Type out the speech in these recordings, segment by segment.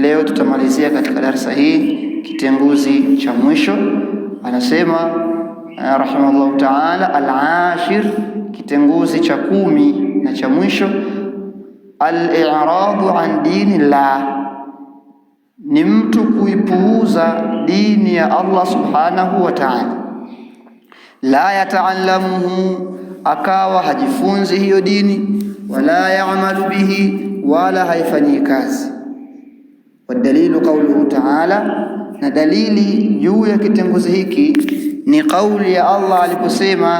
Leo tutamalizia katika darsa hii kitenguzi cha mwisho. Anasema eh, rahimahullahu taala, al-ashir, kitenguzi cha kumi na cha mwisho, al-i'radu an dini ni mtu kuipuuza dini ya Allah subhanahu wa ta'ala. La yataalamuhu, akawa hajifunzi hiyo dini, wala yaamalu bihi, wala haifanyii kazi Wadalilu qauluhu taala, na dalili juu ya kitenguzi hiki ni kauli ya Allah aliposema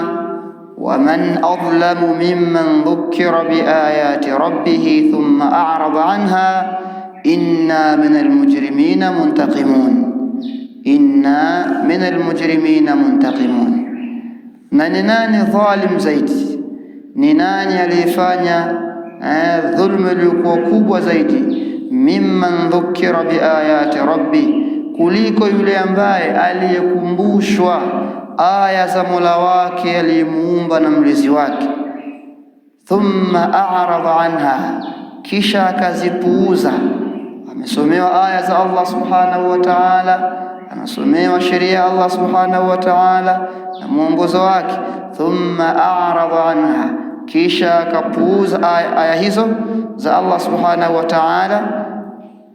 waman adlamu mimman dhukira biayati rabbih thumma a'rada anha inna minal mujrimina muntaqimun, inna minal mujrimina muntaqimun. Na ni nani dhalim zaidi? Ni nani aliyefanya eh, dhulma iliyokuwa kubwa zaidi mimman dhukira biayati rabbi, kuliko yule ambaye aliyekumbushwa aya za Mola wake aliyemuumba na mlezi wake. Thumma a'rada anha, kisha akazipuuza. Amesomewa aya za Allah subhanahu wa ta'ala, anasomewa sheria ya Allah subhanahu wa ta'ala na mwongozo wake. Thumma a'rada anha kisha akapuuza aya, hizo za Allah subhanahu wa ta'ala,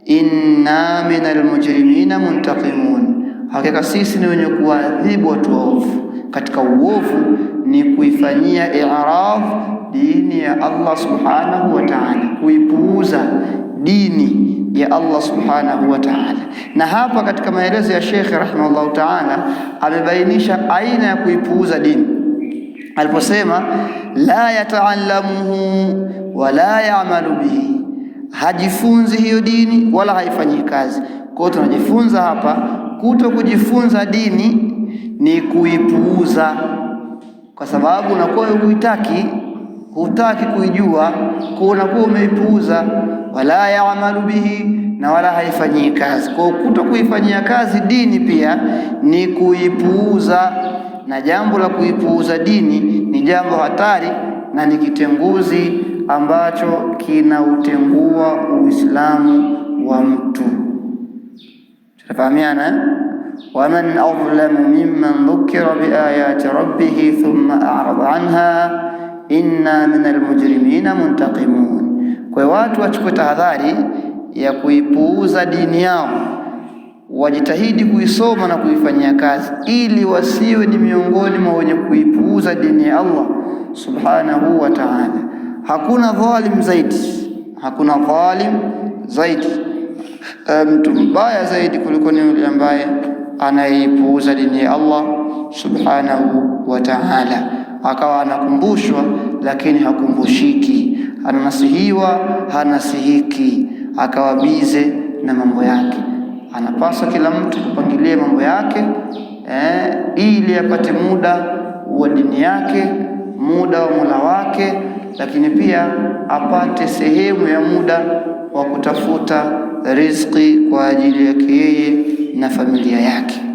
inna minal mujrimina muntaqimun, hakika sisi ni wenye kuadhibu watu waovu katika uovu ni kuifanyia i'rad dini ya Allah subhanahu wa ta'ala, kuipuuza dini ya Allah subhanahu wa ta'ala. Na hapa katika maelezo ya Sheikh rahimahullahu ta'ala amebainisha aina ya kuipuuza dini aliposema la yataalamuhu wala yaamalu bihi, hajifunzi hiyo dini wala haifanyi kazi. Kwa hiyo tunajifunza hapa, kuto kujifunza dini ni kuipuuza, kwa sababu unakuwa huitaki, hutaki kuijua, kwa unakuwa umeipuuza. wala yaamalu bihi na wala haifanyii kazi. Kwa kuto kuifanyia kazi dini pia ni kuipuuza, na jambo la kuipuuza dini ni jambo hatari na ni kitenguzi ambacho kinautengua Uislamu wa mtu. Tunafahamiana? eh? waman adlamu mimman dhukira biayati rabbihi thumma a'rada anha inna min almujrimina muntaqimun. Kwa watu wachukue tahadhari ya kuipuuza dini yao wajitahidi kuisoma na kuifanyia kazi, ili wasiwe ni miongoni mwa wenye kuipuuza dini ya Allah subhanahu wa ta'ala. Hakuna dhalim zaidi, hakuna dhalim zaidi, eh, mtu um, mbaya zaidi kuliko ni yule ambaye anayeipuuza dini ya Allah subhanahu wa ta'ala, akawa anakumbushwa lakini hakumbushiki, ananasihiwa hanasihiki akawabize na mambo yake. Anapaswa kila mtu kupangilia mambo yake eh, ili apate muda wa dini yake, muda wa Mola wake, lakini pia apate sehemu ya muda wa kutafuta riziki kwa ajili yake yeye na familia yake.